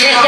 Yeah.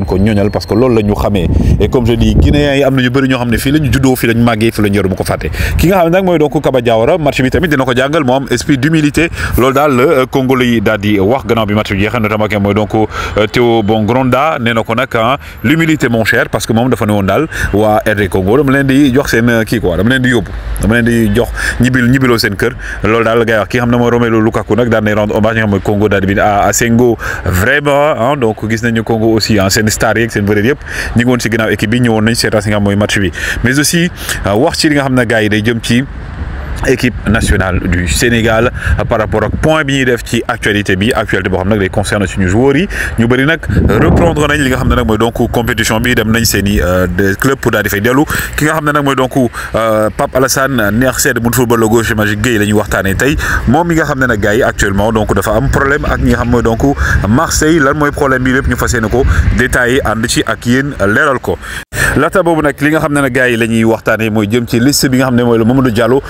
gën ko ñoñal parce que loolu la ñu xamee et comme je dis guinéens yi am na ñu bëri ñoo xam ne fii la ñu juddoo fii la ñu màggee fii la ñu nag daal ne woon daal waa euh, nga mooy Congo daal bi à Senghor vraiment ah, donc gis nañu Congo aussi ah, seen star yeeg seen bëreet yëpp ñu ngi si ginnaaw équipe bi ñëwoon nañ seetaan si nga mooy match bi mais aussi euh, wax ci li nga xam ne gars yi jëm ci. équipe nationale du Sénégal par rapport ak point bi def ci actualité bi actualité bo xam nak les concerne suñu joueurs yi ñu bari nak reprendre nañ li nga xam nak moy donc compétition bi dem nañ seen i euh, club pour daal di fay ki nga xam nak moy donc euh, Pape Alassane Ner Sène mun football le gauche Magic Gueye lañu ñuy tay mom mi nga xam nak nag gars yi actuellement donc dafa am problème ak ñi nga xam moy donc Marseille lan moy problème bi lepp ñu fas yéene ko détaillé ànd ci ak yéen leeral ko. laata boobu nak li nga xam nak nag gars yi la ñuy waxtaanee jëm ci liste bi nga xam ne mooy le Mamadou Diallo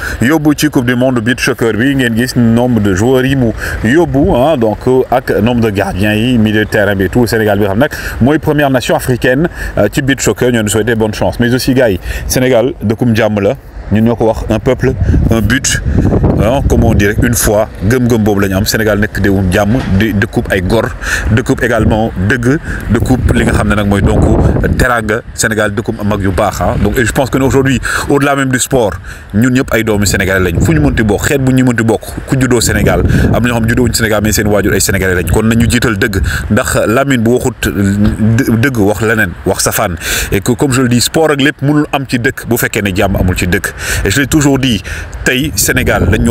yóbbu ci coupe du monde de beach soccer bi ngeen gis nombre de joueurs yi mu yobou hein ah, donc ak nombre de gardiens yi milieu de terrain bi tout Sénégal bi xam nak moy première nation africaine euh, ci beach soccer ñoo ñu souhaité bonne chance mais aussi gars sénégal Sénégal dëkkum jàmm la ñun ñoko wax un peuple un but Hein, comme on dit une fois gëm-gëm bob lañ am Sénégal nekk déwum de de coupe ay gor coupe également de coupe li nga xam nak moy donc teranga Sénégal am ak yu bax hein. donc donc je pense que aujourd'hui au-delà même du sport ñun ñëpp ay doomi Sénégalais lañ fuñu ñu mënti bok xet bu ñu mënti bok ku judo Sénégal am ñu xam judo wuñ Sénégal mais seen wajur ay Sénégalais lañ kon nañu jital deug ndax Lamine bu waxut deug wax lenen wax safaan et que comme je le dis sport ak lepp mënul am ci deuk bu fekkee ne jàmm amul ci deuk et je l'ai toujours dit Tay Sénégal lañ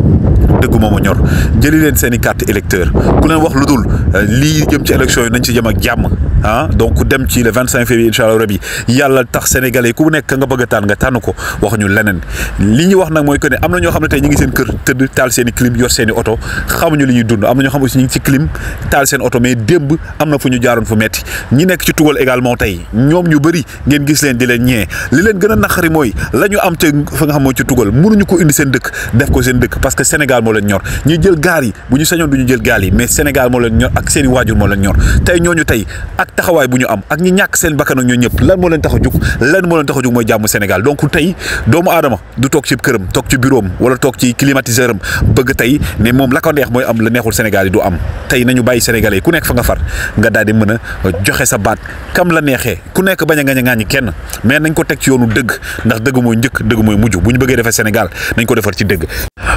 dëgg moom a ñor jëli leen seen i carte électeur ku leen wax lu dul euh, lii jëm ci élection yi nañ ci jëm ak jàmm ah donc dem ci le 25 février incha allah rabi yàlla tax sénégalais ku nekk nga bëgg a tànn nga tànn ko wax ñu leneen li ñu wax nag mooy que ne am na ñoo xam ne tey ñu ngi seen kër tëdd taal seen i clim yor seen i oto xamuñu li ñuy dund am na ñoo xam aussi ñu ngi ci clim taal seen oto mais démb am na fu ñu jaaroon fu metti ñi nekk ci tugal également tey ñoom ñu bëri ngeen gis leen di leen ñee li leen gën a naqari mooy la ñu am te fa nga xam ko indi seen dëkk def ko seen dëkk parce que Sénégal moo leen ñor ñuy jël gaal yi bu ñu sañoon du ñu gaal yi mais Sénégal moo leen ñor ak seen i waajur moo leen ñor tey ñooñu tey taxawaay bu ñu am ak ñi ñàkk seen bakkan ak ñoo ñëpp lan moo leen tax a jug lan moo leen tax a jug mooy jàmm Sénégal donc tey doomu aadama du toog ci këram toog ci bureau am wala toog ci climatiseur bëgg tey ne moom la ko neex mooy am la neexul Sénégal yi am tey nañu bàyyi Sénégalais yi ku nekk fa nga far nga daal di mën a joxe sa baat kam la neexee ku nekk bañ a ngañ a ngaañi kenn mais nañ ko teg ci yoonu dëgg ndax dëgg mooy njëkk dëgg mooy mujj bu ñu bëggee defar Sénégal nañ ko defar ci dëgg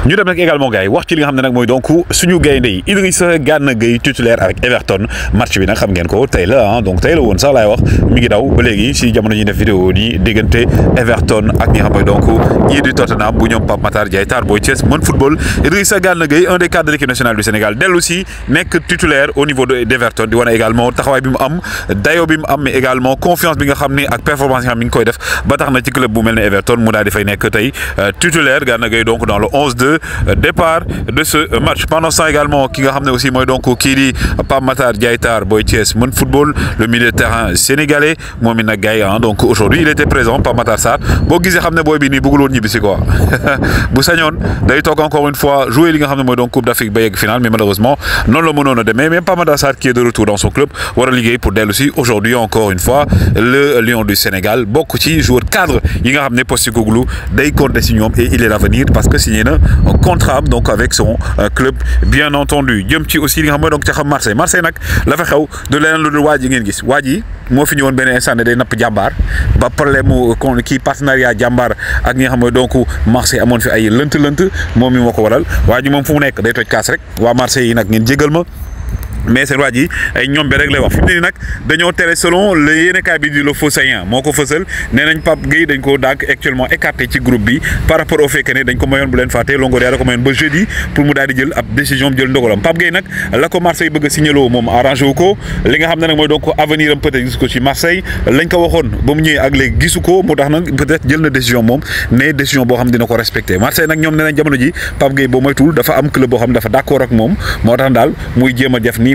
ñu dem nag également wax ci xam ne nag mooy donc suñu gaynde yi Idrissa Gana Gueye titulaire avec Everton match bi nag ko tey la ah donc tey la woon sax laay wax mi ngi daw ba léegi si jamono ñi def vidéo ni diggante Everton ak ñi nga donc ñii di Tottenham bu ñom Pap Matar Diaye Tar Boy Thiès mën football Idrissa Gana Gueye un des cadres de l'équipe nationale du Sénégal dellu si nek titulaire au niveau de d'Everton di wane également taxaway bi mu am dayo bi mu am mais également confiance bi nga xam ak performance yi nga mi ngi koy def ba tax na ci club bu melni Everton mu daal di fay nek tay euh, titulaire Gana Gueye donc dans le onze de euh, départ de ce euh, match pendant ça également ki nga xam aussi moy donc ki di Pap Matar Diaye Tar Boy Thiès mën football le milieu de terrain sénégalais Mohamed Gaye hein. donc aujourd'hui il était présent par Matar Sarr boo gisee xam ne bi ni bëggul quoi bu sañone day tok encore une fois jouer li nga xamné moy donc Coupe d'Afrique ba yegg finale mais malheureusement non le mënoon de mais Pape Matar qui est de retour dans son club war a pour dellu aussi. aujourd'hui encore une fois le Lion du Sénégal bokk ci joueur cadre yi nga xamné ne Postecoglou day compter ci ñom et il est l'avenir parce que signé na un contrat donc avec son euh, club bien entendu jëm ci aussi li nga xamné donc ci xam Marseille Marseille nag la fa xew de leneen lu waa ji ngeen gis waa ji moo fi ñëwoon benn instant day napp jàmbaar ba problème mu euh, kon kii partenariat jàmbaar ak ñi nga xam ne donc marché amoon fi ay lënt-lënt moom mi moo ko waral waa ji moom fu mu nekk day toj kaas rek waa marché yi nag ngeen jégal ma. mais c'est waa ji ay ñoom bi rek lay wax fi mu ne nii dañoo tere selon le yéenekaay bi di Le Fossoyant moo ko fësal nee nañ Pape dañ ko daag actuellement écarté ci groupe bi par rapport au fait que ne dañ ko mayon bu len faté longo da ko mayoon ba jeudi pour mu dadi jël ab décision jël ndogolam pap Gueye nak la ko Marseille bëgg a signaloo moom arrangé wu ko li nga xamné nak moy mooy donc avenir am peut-être jusqu'au ci Marseille lañ ko waxone ba mu ñëwee ak lé gisu ko moo tax nag peut-être jël na décision moom né décision bo xam dina ko respecter Marseille nak ñom nee nañ jamono ji Pape Gueye boo moytuwul dafa am club bo xam dafa d'accord ak moom motax dal muy jema def nii